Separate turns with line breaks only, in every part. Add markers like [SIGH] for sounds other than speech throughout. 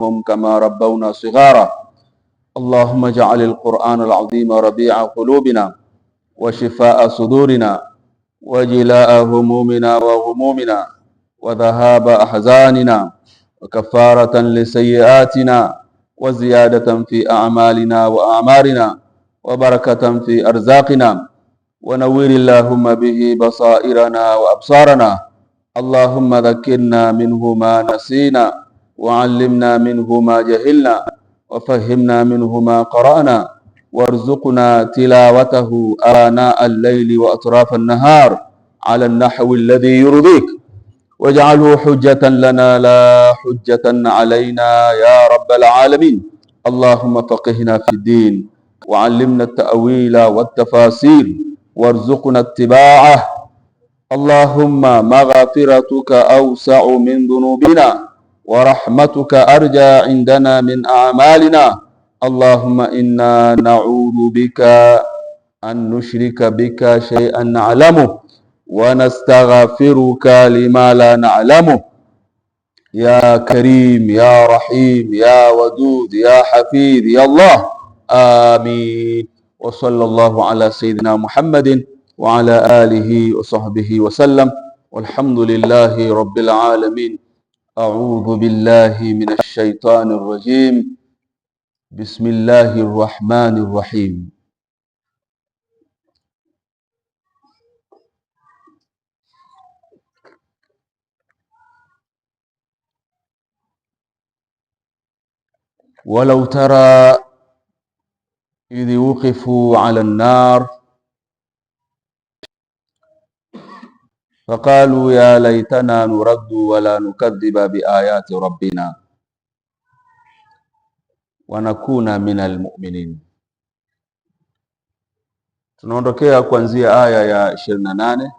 هم كما ربونا صغارا اللهم اجعل القرآن العظيم ربيع قلوبنا وشفاء صدورنا وجلاء همومنا وغمومنا وذهاب أحزاننا وكفارة لسيئاتنا وزيادة في أعمالنا وأعمارنا وبركة في أرزاقنا ونوير اللهم به بصائرنا وأبصارنا اللهم ذكرنا منه ما نسينا وعلمنا منه ما جهلنا وفهمنا منه ما قرأنا وارزقنا تلاوته آناء الليل وأطراف النهار على النحو الذي يرضيك واجعله حجة لنا لا حجة علينا يا رب العالمين اللهم فقهنا في الدين وعلمنا التأويل والتفاسير وارزقنا اتباعه اللهم مغفرتك أوسع من ذنوبنا ورحمتك أرجى عندنا من أعمالنا اللهم إنا نعوذ بك أن نشرك بك شيئا نعلمه ونستغفرك لما لا نعلمه يا كريم يا رحيم يا ودود يا حفيظ يا الله آمين وصلى الله على سيدنا محمد وعلى آله وصحبه وسلم والحمد لله رب العالمين أعوذ بالله من الشيطان الرجيم بسم الله الرحمن الرحيم ولو ترى إذ وقفوا على النار faqalu ya laitana nuraddu wala nukadhiba biayati rabbina wanakuna min almuminin Tunaondokea kuanzia aya ya ishirini na nane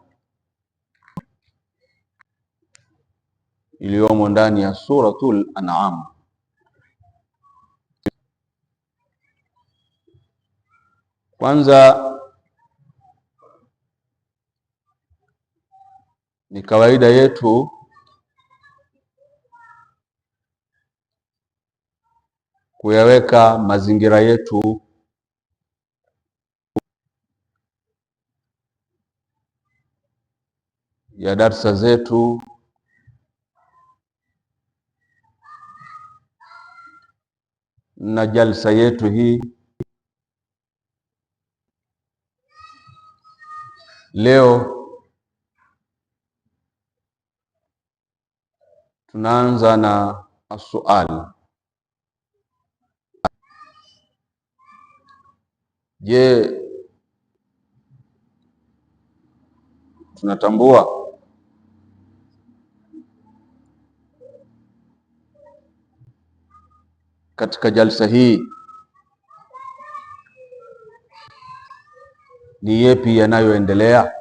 iliyomo ndani ya Suratul An'am. Kwanza Ni kawaida yetu kuyaweka mazingira yetu ya darsa zetu na jalsa yetu hii leo Tunaanza na asuali. Je, tunatambua katika jalsa hii ni yepi yanayoendelea?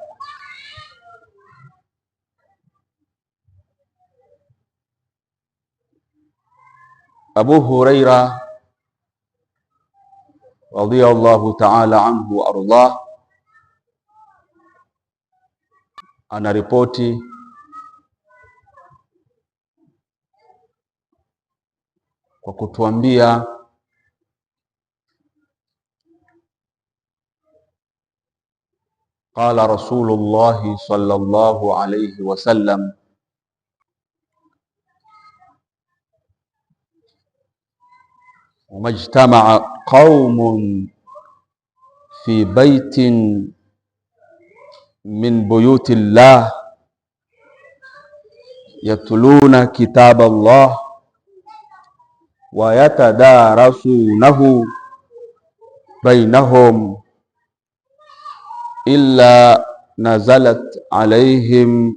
أبو هريرة رضي الله تعالى عنه وأرضاه أنا ريبوتي وكتوانبيا قال رسول الله صلى الله عليه وسلم وما اجتمع قوم في بيت من بيوت الله يتلون كتاب الله ويتدارسونه بينهم إلا نزلت عليهم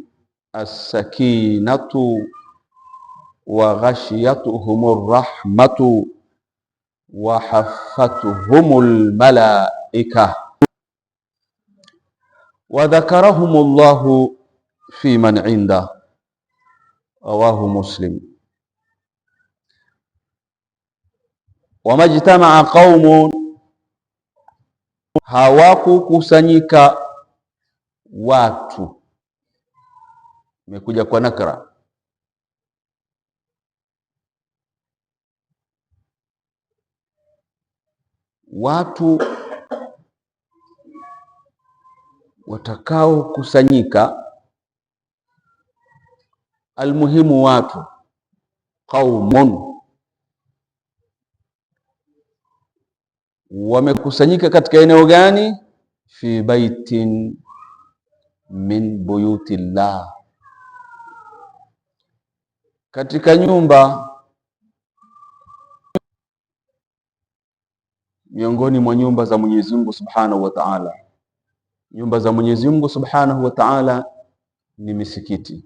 السكينة وغشيتهم الرحمة wa haffathumul malaika wa dhakarahumullahu fi man inda rawahu Muslim. Wamajtamaa qaumun, hawakukusanyika watu, imekuja kwa nakra watu watakaokusanyika, almuhimu watu qaumun wamekusanyika katika eneo gani? Fi baitin min buyutillah, katika nyumba miongoni mwa nyumba za Mwenyezi Mungu Subhanahu wa Ta'ala. Nyumba za Mwenyezi Mungu Subhanahu wa Ta'ala ni misikiti.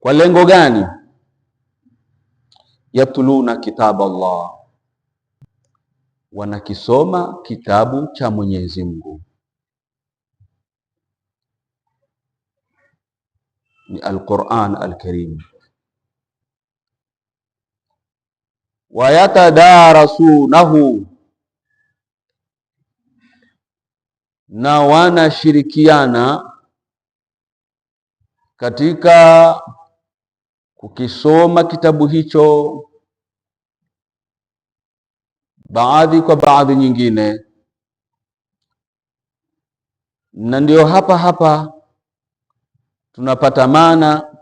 Kwa lengo gani? Yatuluna kitaba Allah, wanakisoma kitabu cha Mwenyezi Mungu ni Alquran Alkarim. wayatadarasunahu, na wanashirikiana katika kukisoma kitabu hicho, baadhi kwa baadhi nyingine. Na ndio hapa hapa tunapata maana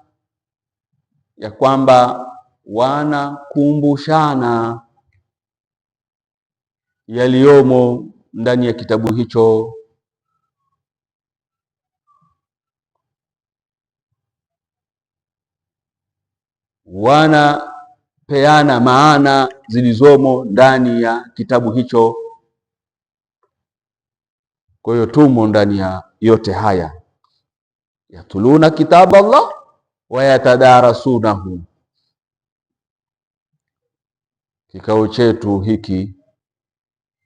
ya kwamba wanakumbushana yaliyomo ndani ya kitabu hicho. Wanapeana maana zilizomo ndani ya kitabu hicho. Kwa hiyo tumo ndani ya yote haya, yatuluna kitabu allah wayatadarasunahu Kikao chetu hiki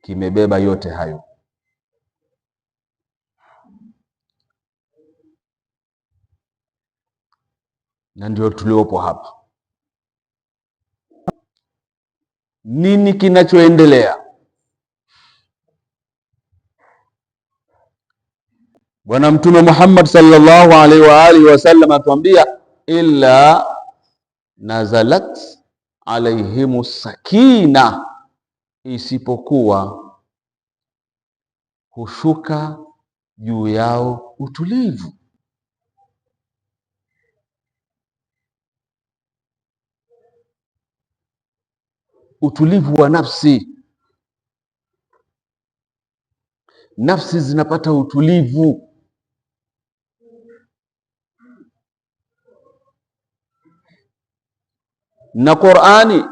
kimebeba yote hayo. Na ndio tuliopo hapa. Nini kinachoendelea? Bwana Mtume Muhammad sallallahu alaihi wa alihi wasallam atuambia, illa nazalat alaihimu sakina, isipokuwa hushuka juu yao utulivu. Utulivu wa nafsi, nafsi zinapata utulivu na Qur'ani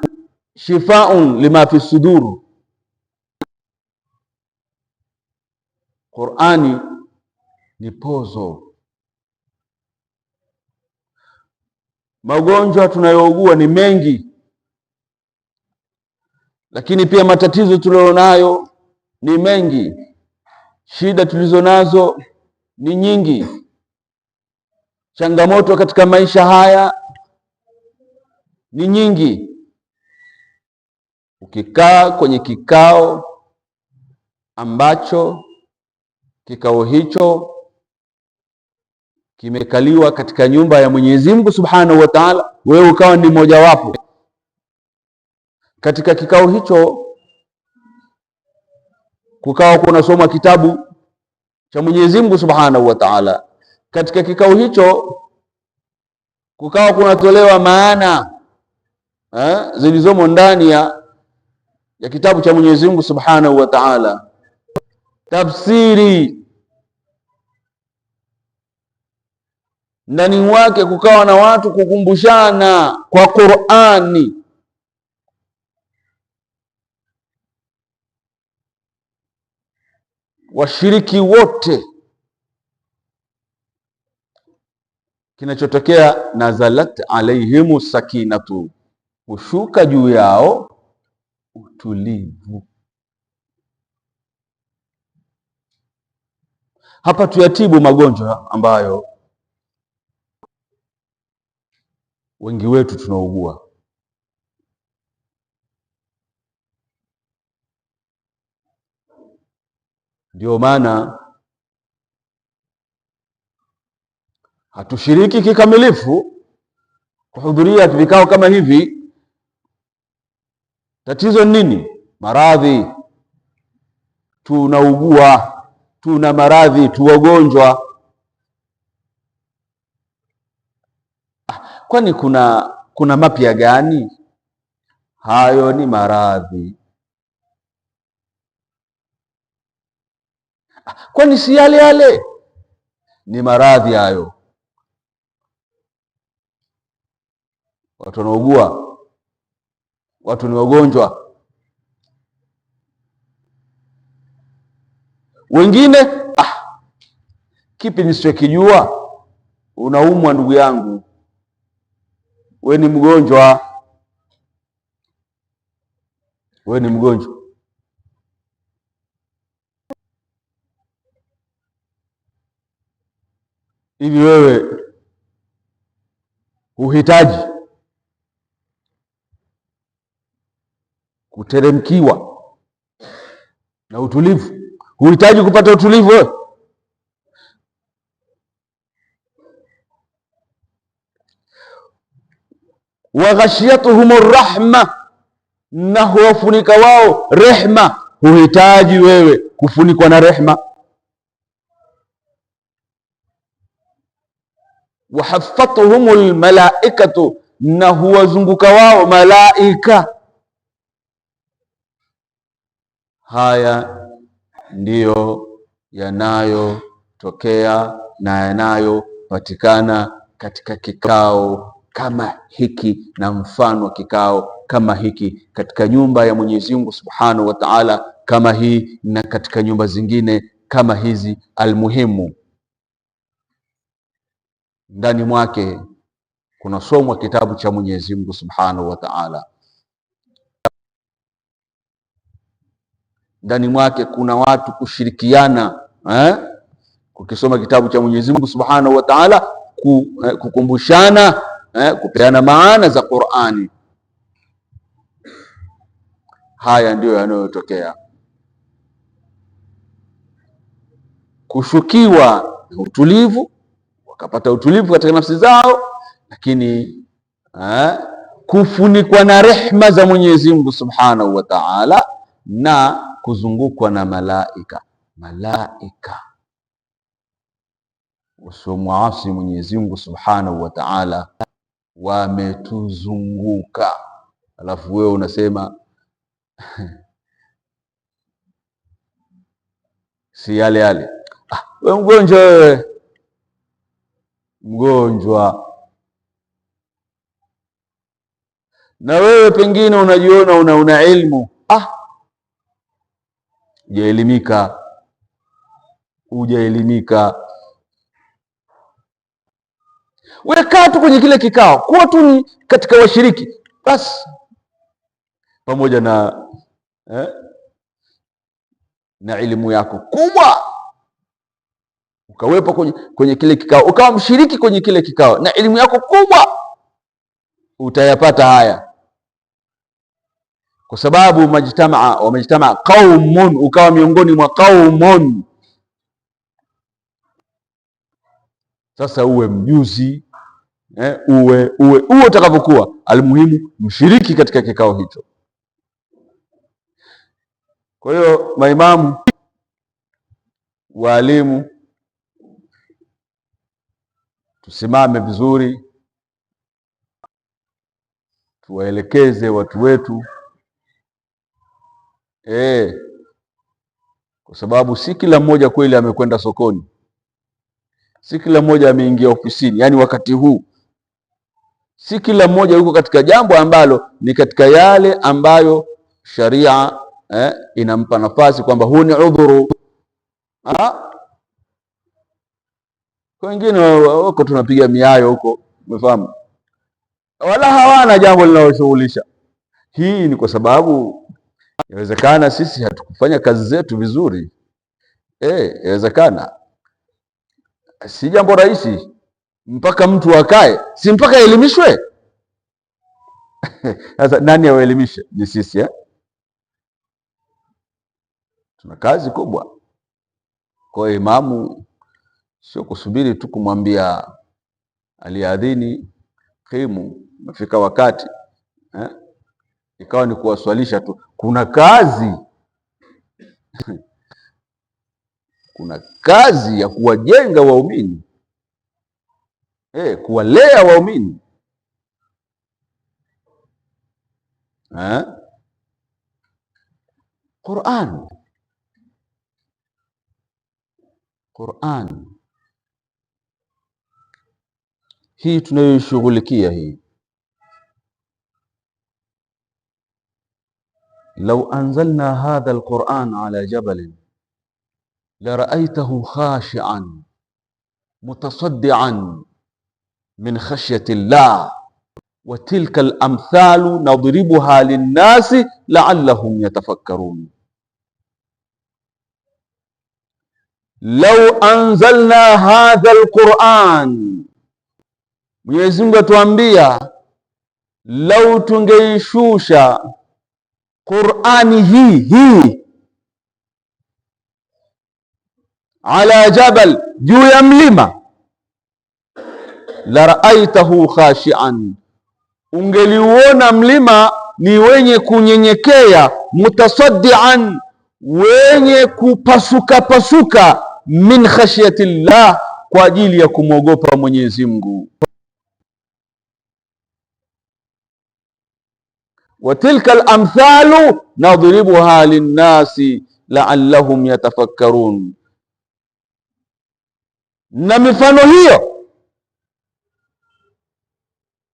shifaun lima fi sudur. Qur'ani ni pozo. Magonjwa tunayougua ni mengi, lakini pia matatizo tulionayo ni mengi, shida tulizo nazo ni nyingi, changamoto katika maisha haya ni nyingi. Ukikaa kwenye kikao ambacho kikao hicho kimekaliwa katika nyumba ya Mwenyezi Mungu Subhanahu wa Ta'ala, wewe ukawa ni mojawapo katika kikao hicho, kukawa kunasoma kitabu cha Mwenyezi Mungu Subhanahu wa Ta'ala, katika kikao hicho kukawa kunatolewa maana eh, zilizomo ndani ya, ya kitabu cha Mwenyezi Mungu Subhanahu wa Ta'ala. Tafsiri ndani wake kukawa na watu kukumbushana kwa Qur'ani washiriki wote, kinachotokea nazalat alaihimu sakinatu hushuka juu yao utulivu. Hapa tuyatibu magonjwa ambayo wengi wetu tunaugua. Ndio maana hatushiriki kikamilifu kuhudhuria vikao kama hivi Tatizo nini? Maradhi. Tunaugua, tuna maradhi, tuwagonjwa. Ah, kwani kuna kuna mapya gani? Hayo ni maradhi. Ah, kwani si yale yale? Ni maradhi hayo, watu wanaugua watu ni wagonjwa. Wengine ah, kipi nisichokijua? Unaumwa ndugu yangu, we ni mgonjwa, we ni mgonjwa. Hivi wewe uhitaji kuteremkiwa na utulivu. Huhitaji kupata utulivu wewe? Waghashiyatuhum rahma, na huwafunika wao rehma. Huhitaji wewe kufunikwa na rehma. Wahafathuhum lmalaikatu almalaikatu, na huwazunguka wao malaika Haya ndiyo yanayotokea na yanayopatikana katika kikao kama hiki na mfano wa kikao kama hiki katika nyumba ya Mwenyezi Mungu Subhanahu wa Ta'ala kama hii na katika nyumba zingine kama hizi. Almuhimu, ndani mwake kuna somwa kitabu cha Mwenyezi Mungu Subhanahu wa Ta'ala. ndani mwake kuna watu kushirikiana eh? Kukisoma kitabu cha Mwenyezi Mungu Subhanahu wa Ta'ala, eh, kukumbushana eh, kupeana maana za Qur'ani. Haya ndiyo yanayotokea. Kushukiwa na utulivu, wakapata utulivu katika nafsi zao, lakini eh, kufunikwa na rehma za Mwenyezi Mungu Subhanahu wa Ta'ala na kuzungukwa na malaika. Malaika wasiomuasi Mwenyezi Mungu Subhanahu wa Ta'ala wametuzunguka, alafu wewe unasema [LAUGHS] si yale yale. Ah, we mgonjwa, wewe mgonjwa na wewe pengine unajiona una una ilmu ah hujaelimika, hujaelimika. Wekaa tu kwenye kile kikao, kuwa tu ni katika washiriki basi, pamoja na eh, na elimu yako kubwa ukawepo kwenye, kwenye kile kikao ukawa mshiriki kwenye kile kikao na elimu yako kubwa, utayapata haya kwa sababu majtamaa wamejtamaa qaumun, ukawa miongoni mwa qaumun. Sasa uwe mjuzi eh, uwe uwe uwe utakavyokuwa, almuhimu mshiriki katika kikao hicho. Kwa hiyo maimamu, waalimu, tusimame vizuri, tuwaelekeze watu wetu Eh, kwa sababu si kila mmoja kweli amekwenda sokoni, si kila mmoja ameingia ofisini, yaani wakati huu si kila mmoja yuko katika jambo ambalo ni katika yale ambayo sharia eh, inampa nafasi kwamba huu ni udhuru. Ah. Wengine wako tunapiga miayo huko, umefahamu, wala hawana jambo linaloshughulisha. Hii ni kwa sababu Inawezekana sisi hatukufanya kazi zetu vizuri eh, inawezekana. Si jambo rahisi mpaka mtu akae, si mpaka elimishwe. [LAUGHS] Sasa nani awaelimishe? Ni sisi eh? Tuna kazi kubwa. Kwa hiyo imamu sio kusubiri tu kumwambia aliadhini kimu, umefika wakati eh? ikawa ni kuwaswalisha tu. Kuna kazi kuna kazi ya kuwajenga waumini eh, kuwalea waumini eh? Qur'an Qur'an hii tunayoishughulikia hii لو أنزلنا هذا القرآن على جبل لرأيته خاشعا متصدعا من خشية الله وتلك الأمثال نضربها للناس لعلهم يتفكرون لو أنزلنا هذا القرآن Mwenyezi أنبياء لو lau tungeishusha Qur'ani hii hii ala jabal, juu ya mlima, la raaitahu khashian, ungeliuona mlima ni wenye kunyenyekea, mutasaddian, wenye kupasuka pasuka, min khashyati llah, kwa ajili ya kumwogopa Mwenyezi Mungu. wa tilka alamthalu nadribuha linnasi laallahum yatafakkarun, na mifano hiyo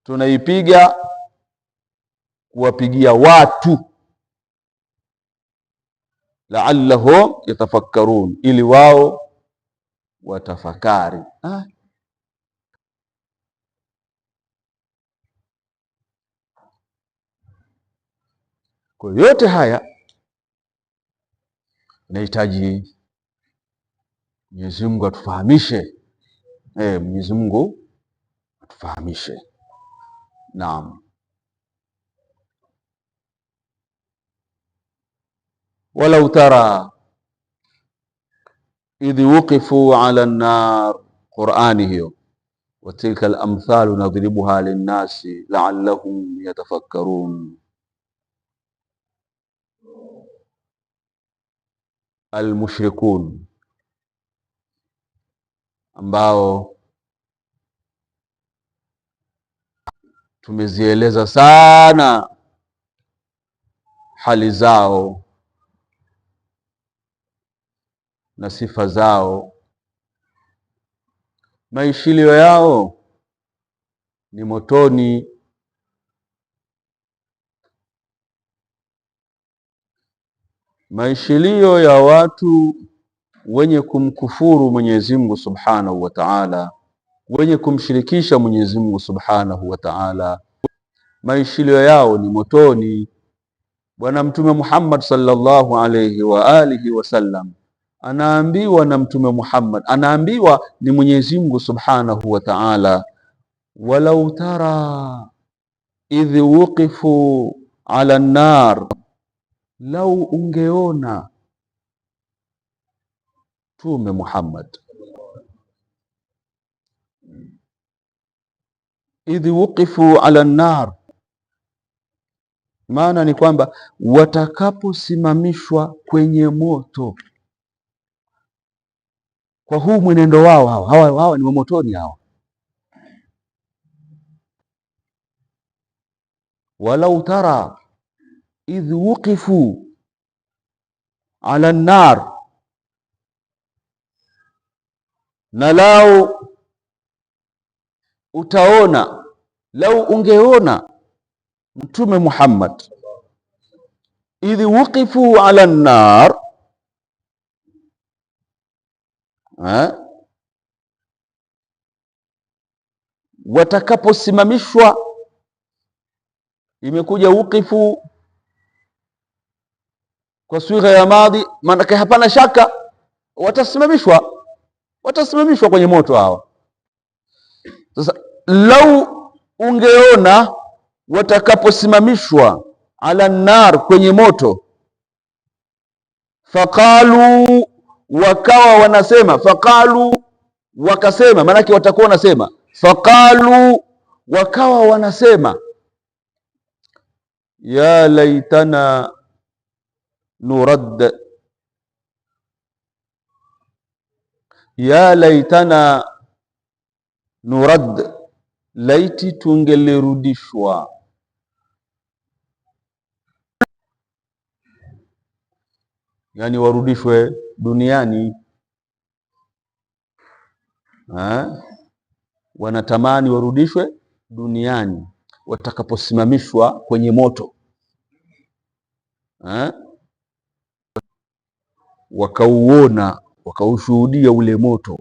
tunaipiga kuwapigia watu laallahum yatafakkarun, ili wao watafakari ah. Kwa yote haya nahitaji Mwenyezi Mungu atufahamishe. E, Mwenyezi Mungu atufahamishe. Naam. Walau tara idhi wuqifu ala nnar, Qurani hiyo. Watilka al-amthalu nadribuha linnasi la'allahum yatafakkarun. almushrikun ambao tumezieleza sana hali zao na sifa zao. Maishilio yao ni motoni maishilio ya watu wenye kumkufuru Mwenyezi Mungu Subhanahu wa Ta'ala, wenye kumshirikisha Mwenyezi Mungu Subhanahu wa Ta'ala, maishilio yao ni motoni. Bwana Mtume Muhammad sallallahu alayhi wa alihi wasallam anaambiwa na Mtume Muhammad, anaambiwa ni Mwenyezi Mungu Subhanahu wa Ta'ala, walau tara idh wuqifu ala nar lau ungeona Mtume Muhammad idhi wukifu ala nnar, maana ni kwamba watakaposimamishwa kwenye moto kwa huu mwenendo wao, hawa hawa, hawa ni wamotoni hawa. Walau tara idh wuqifu ala nnar, na lao utaona, lau ungeona Mtume Muhammad, idh wuqifu ala nnar watakaposimamishwa, imekuja wuqifu kwa sura ya madhi, maanake hapana shaka watasimamishwa, watasimamishwa kwenye moto hawa. Sasa lau ungeona watakaposimamishwa ala nar, kwenye moto, faqalu, wakawa wanasema, faqalu, wakasema, maanake watakuwa wanasema, faqalu, wakawa wanasema ya laitana nurad ya laitana nurad, laiti tungelirudishwa. Yani warudishwe duniani ha? Wanatamani warudishwe duniani watakaposimamishwa kwenye moto ha? wakauona wakaushuhudia ule moto,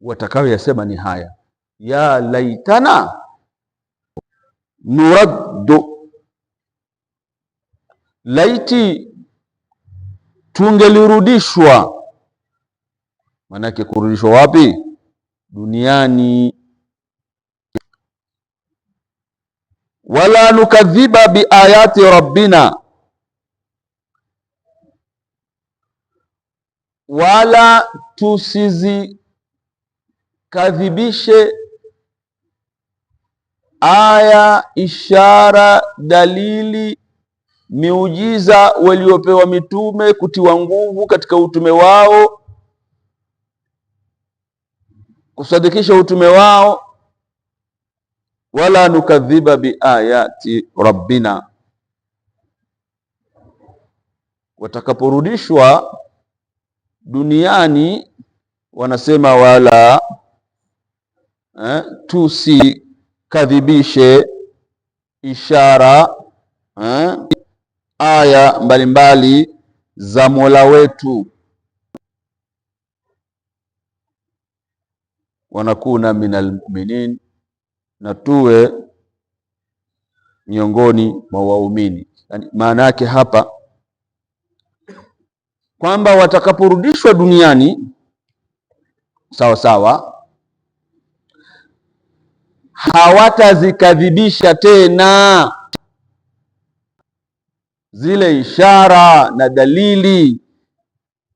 watakayo yasema ni haya: ya laitana nuraddu, laiti tungelirudishwa. Maanake kurudishwa wapi? Duniani. wala nukadhiba biayati rabbina wala tusizikadhibishe aya, ishara, dalili, miujiza waliopewa mitume kutiwa nguvu katika utume wao, kusadikisha utume wao. Wala nukadhiba biayati rabbina, watakaporudishwa duniani wanasema wala eh, tusikadhibishe ishara eh, aya mbalimbali mbali za Mola wetu, wanakuna minal mu'minin, na tuwe miongoni mwa waumini. Yani maana yake hapa kwamba watakaporudishwa duniani sawa sawa hawatazikadhibisha tena zile ishara na dalili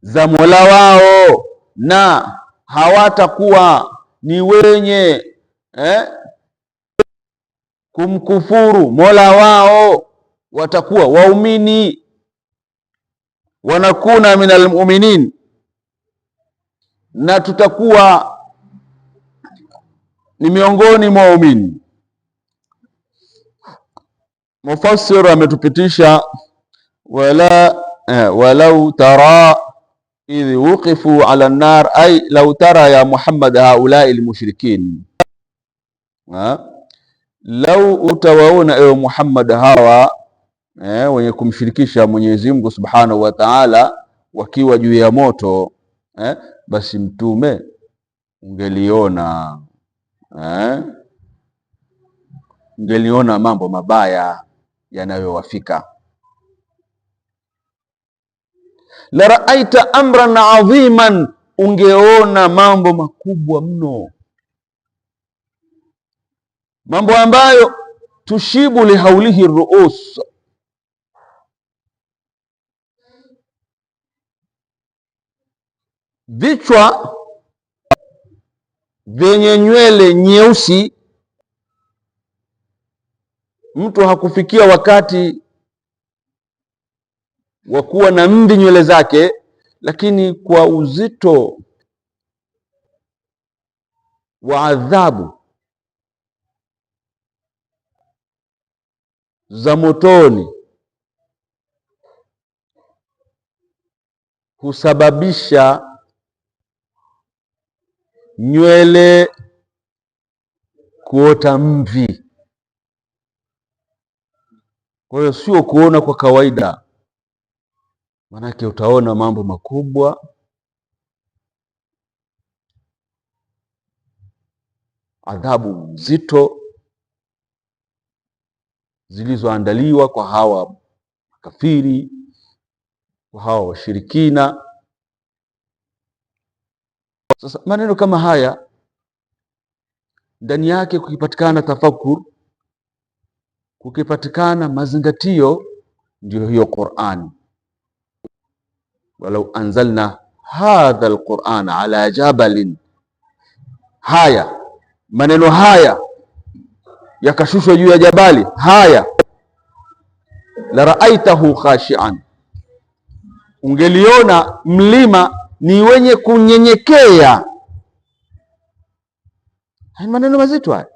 za Mola wao na hawatakuwa ni wenye eh, kumkufuru Mola wao, watakuwa waumini wanakuna min almuminin, na tutakuwa ni miongoni mwa waumini. Mufassir ametupitisha wala eh, walau tara idh wuqifu ala nar, ay lau tara ya Muhammad haulai lmushrikin, lau utawaona ewe Muhammad hawa eh, wenye kumshirikisha Mwenyezi Mungu Subhanahu wa Ta'ala wakiwa juu ya moto eh, basi mtume ungeliona eh, ungeliona mambo mabaya yanayowafika. La raaita amran adhiman, ungeona mambo makubwa mno, mambo ambayo tushibu lihaulihi ruus Vichwa vyenye nywele nyeusi, mtu hakufikia wakati wa kuwa na mvi nywele zake, lakini kwa uzito wa adhabu za motoni husababisha nywele kuota mvi. Kwa hiyo sio kuona kwa kawaida, maanake utaona mambo makubwa. Adhabu nzito zilizoandaliwa kwa hawa makafiri, kwa hawa washirikina sasa maneno kama haya ndani yake kukipatikana tafakur, kukipatikana mazingatio, ndiyo hiyo Qur'an. Walau anzalna hadha alquran ala jabalin, haya maneno haya yakashushwa juu ya jabali, haya la raaitahu khashian, ungeliona mlima ni wenye kunyenyekea. Hai maneno mazito haya.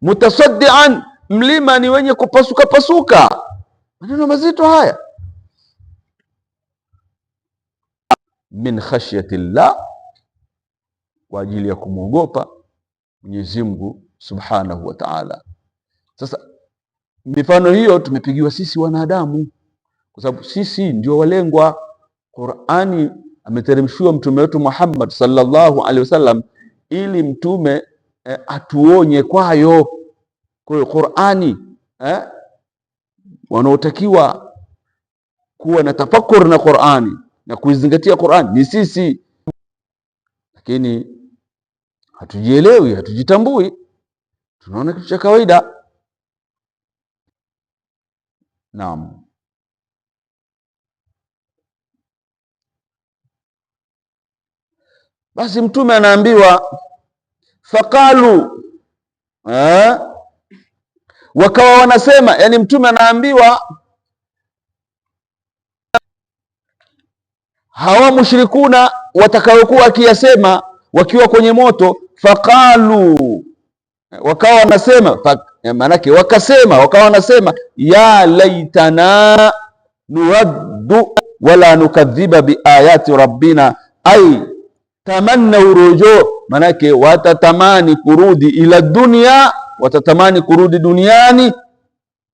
Mutasaddian, mlima ni wenye kupasuka pasuka. Maneno mazito haya. Min khashyati llah, kwa ajili ya kumwogopa Mwenyezi Mungu subhanahu wa taala. Sasa mifano hiyo tumepigiwa sisi wanadamu kwa sababu sisi ndio walengwa. Qur'ani ameteremshiwa mtume wetu Muhammad sallallahu alaihi wasallam ili mtume eh, atuonye kwayo. Kwa hiyo Qur'ani eh, wanaotakiwa kuwa na tafakur na Qur'ani na kuizingatia Qur'ani ni sisi, lakini hatujielewi, hatujitambui, tunaona kitu cha kawaida. Naam. Basi mtume anaambiwa faqalu eh, wakawa wanasema, yani mtume anaambiwa hawa mushrikuna watakayokuwa akiyasema wakiwa kwenye moto, faqalu wakawa wanasema maanake wakasema, wakawa wanasema ya laitana nuraddu wala nukadhiba biayati rabbina ay tamanna urujo, manake watatamani kurudi ila dunia, watatamani kurudi duniani.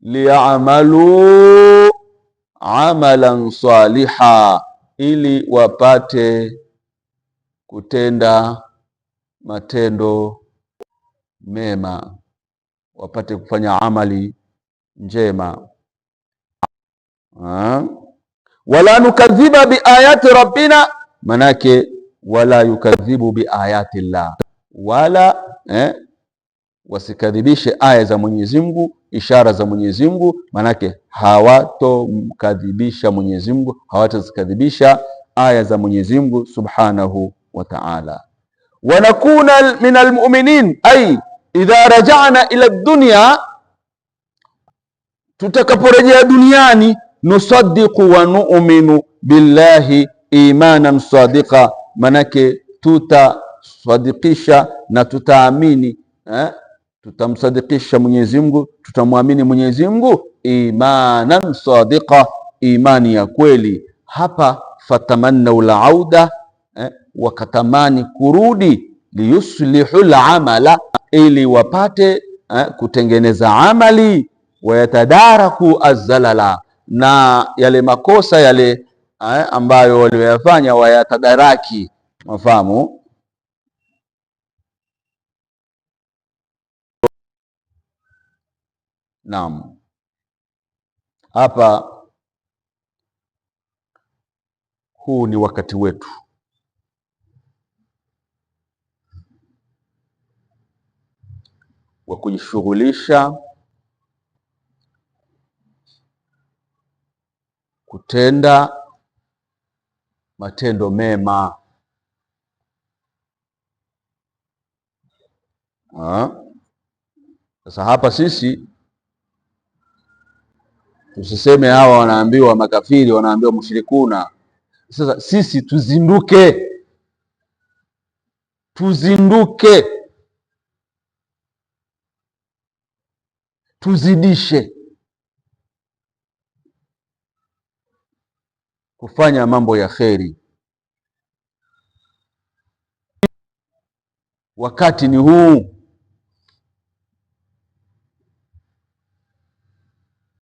Liamalu amalan saliha, ili wapate kutenda matendo mema, wapate kufanya amali njema ha? wala nukadhiba biayati rabbina, manake wala yukadhibu biayati llah, wala eh, wasikadhibishe aya za Mwenyezi Mungu, ishara za Mwenyezi Mungu. Manake hawatomkadhibisha Mwenyezi Mungu, hawatazikadhibisha aya za Mwenyezi Mungu subhanahu wa ta'ala. Wanakuna min almuminin, ai idha rajana ila dunya, tutakaporejea duniani, nusaddiqu wa nu'minu billahi imanan sadiqa manake tutasadikisha na tutaamini eh? Tutamsadikisha Mwenyezi Mungu, tutamwamini Mwenyezi Mungu imanan sadiqa, imani ya kweli. Hapa fatamannau lauda eh? Wakatamani kurudi liyuslihu lamala, ili wapate eh? kutengeneza amali, wayatadaraku azzalala, na yale makosa yale Eh, ambayo walioyafanya wayatadaraki mafahamu Naam, hapa huu ni wakati wetu, wa kujishughulisha kutenda matendo mema. Sasa hapa sisi tusiseme hawa wanaambiwa makafiri, wanaambiwa mushirikuna Sasa sisi tuzinduke, tuzinduke, tuzidishe kufanya mambo ya kheri. Wakati ni huu.